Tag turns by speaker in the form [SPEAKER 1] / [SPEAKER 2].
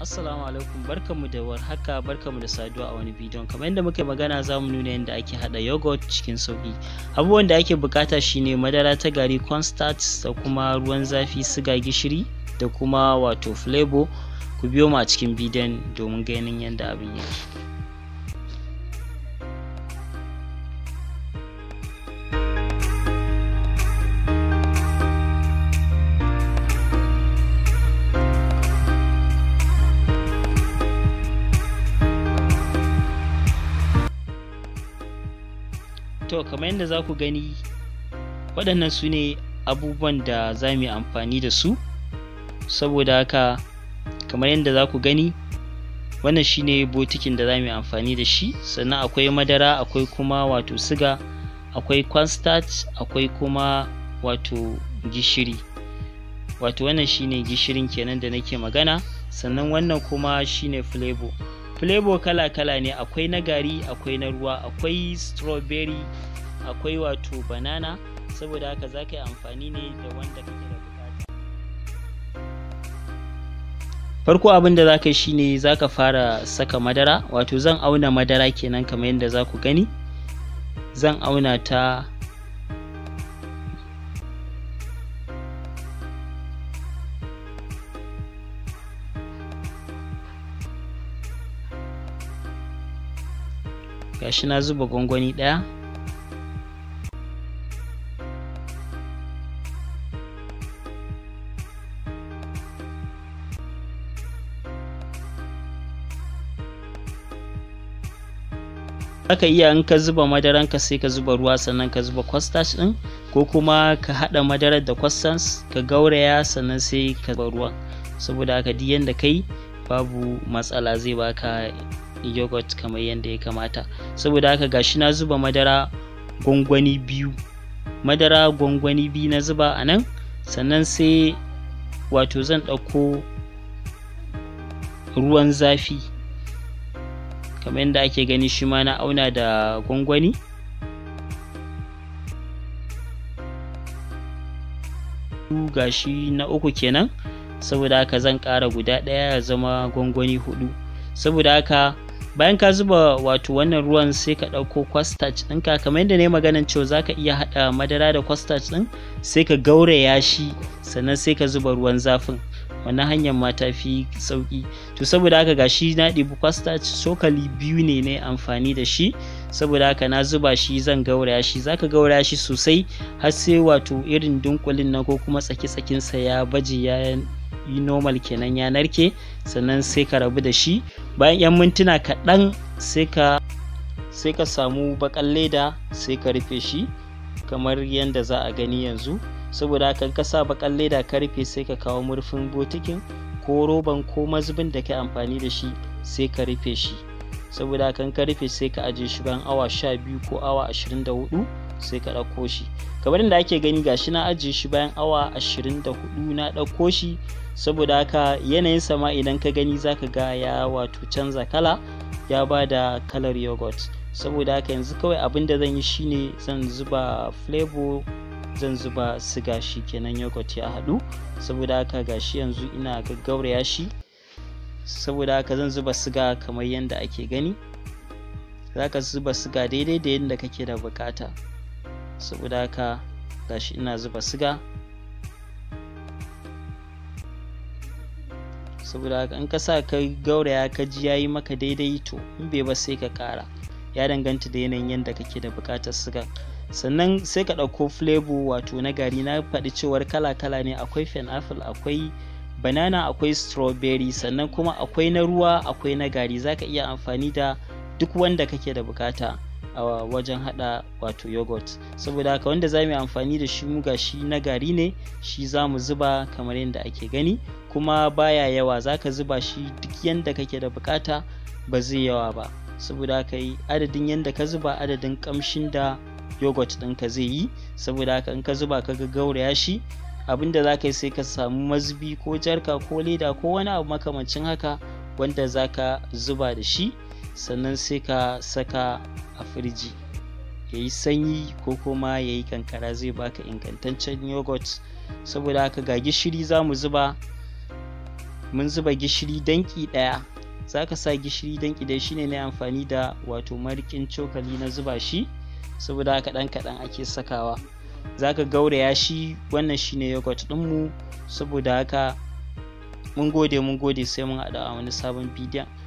[SPEAKER 1] Assalamu alaikum barkamu da warhaka barkamu da saduwa a wani bidiyon kamar yadda muka magana za mu nuna yadda ake hada yogurt cikin sauki abubuwan da ake bukata shine madara ta gari cornstarch da kuma ruwan zafi suga gishiri da kuma wato flavor ku biyo mu a cikin bidiyon domin ganin yadda abin yake to kamar yadda za ku gani waɗannan su ne abubuwan da za mu yi amfani da su saboda haka kamar yadda za ku gani wannan shine botikin da za mu yi amfani da shi sannan akwai madara akwai kuma wato siga akwai kwanstat akwai kuma wato gishiri wato wannan shine gishirin kenan da nake magana sannan wannan kuma shi ne flavor flavor kala-kala ne akwai na gari akwai na ruwa akwai strawberry akwai wato banana saboda haka za ka yi amfani ne da wanda kake da bukata farko abin da za ka shi ne za ka fara saka madara wato zan auna madara kenan kamar yadda za ku gani zan auna ta gashi na zuba gwangwani ɗaya Zaka iya in ka zuba madaran ka sai ka zuba ruwa sannan ka zuba kwastas ɗin ko kuma ka haɗa madarar da kwastas ka gauraya sannan sai ka zuba ruwan saboda haka duk yanda kai babu matsala zai baka yogurt kamar yadda ya kamata saboda haka gashi na zuba madara gwangwani biyu madara gwangwani biyu na zuba a nan sannan sai wato zan ɗauko ruwan zafi kamar yadda ake gani shi ma na auna da gwangwani gashi na uku kenan saboda haka zan ƙara guda ɗaya ya zama gwangwani hudu saboda haka bayan ka zuba wato wannan ruwan sai ka ɗauko ɗin ka. kamar yadda na yi maganan cewa za ka iya haɗa madara da cornstarch ɗin sai ka gauraya shi sannan sai ka zuba ruwan zafin wannan hanyar ma ta fi sauƙi to saboda haka shi na ɗibi cornstarch cokali biyu ne na amfani da shi saboda haka na zuba shi zan gauraya shi zaka gauraya shi sosai har sai wato irin dunkulin na ko kuma tsaki-tsakinsa ya baje ya yi normal kenan ya narke sannan sai ka rabu da shi bayan 'yan mintuna kaɗan sai ka samu bakan leda sai ka rufe shi kamar yadda za a gani yanzu saboda haka ka sa bakan leda ka rufe sai ka kawo murfin botikin ko roban ko mazubin da ka amfani da shi sai ka rufe shi saboda haka ka rufe sai ka aje shi bayan awa 12 ko awa 24 sai ka ɗauko shi kamar da ake gani gashi na ajiye shi bayan awa ashirin da hudu na ɗauko shi saboda haka yanayin sama idan ka gani zaka ga ya wato canza kala ya ba da kalar yogurt saboda haka yanzu kawai abin da zan yi shine zan zuba flavor zan zuba siga shi kenan yogurt ya haɗu saboda haka gashi yanzu ina gaggauraya shi saboda haka zan zuba siga kamar yadda ake gani zaka zuba siga daidai da yadda kake da bukata saboda haka gashi ina zuba siga saboda haka in ka sa ka gauraya ka ji yayi maka daidai to in bai ba sai ka kara ya danganta da yanayin yadda kake da bukatar siga sannan sai ka ɗauko flavor wato na gari na faɗi cewar kala kala ne akwai pineapple akwai banana akwai strawberry sannan kuma akwai na ruwa akwai na gari ka iya amfani da duk wanda kake da bukata a wajen hada wato yogurt saboda haka wanda za mu yi amfani da shi muga shi na gari ne shi za mu zuba kamar yadda ake gani kuma baya yawa za ka zuba shi duk yadda kake da bukata ba zai yawa ba saboda haka adadin yadda ka zuba adadin kamshin da yogurt ka zai yi saboda haka in ka zuba ka ga gauraya shi abinda za ka yi sai ka samu mazubi ko jarka ko leda ko wani abu makamancin haka wanda za ka zuba da shi sannan sai ka saka a firji ya yi sanyi ko kuma ya yi kankara zai baka ingantaccen yogurt saboda haka ga gishiri za mu zuba mun zuba gishiri danki ɗaya za ka sa gishiri danki ɗaya shine na amfani da wato marikin cokali na zuba shi saboda haka ɗan kaɗan ake sakawa za ka gauraya shi wannan shine yogurt ɗinmu saboda haka mun gode mun gode sai mun haɗu a wani sabon bidiyon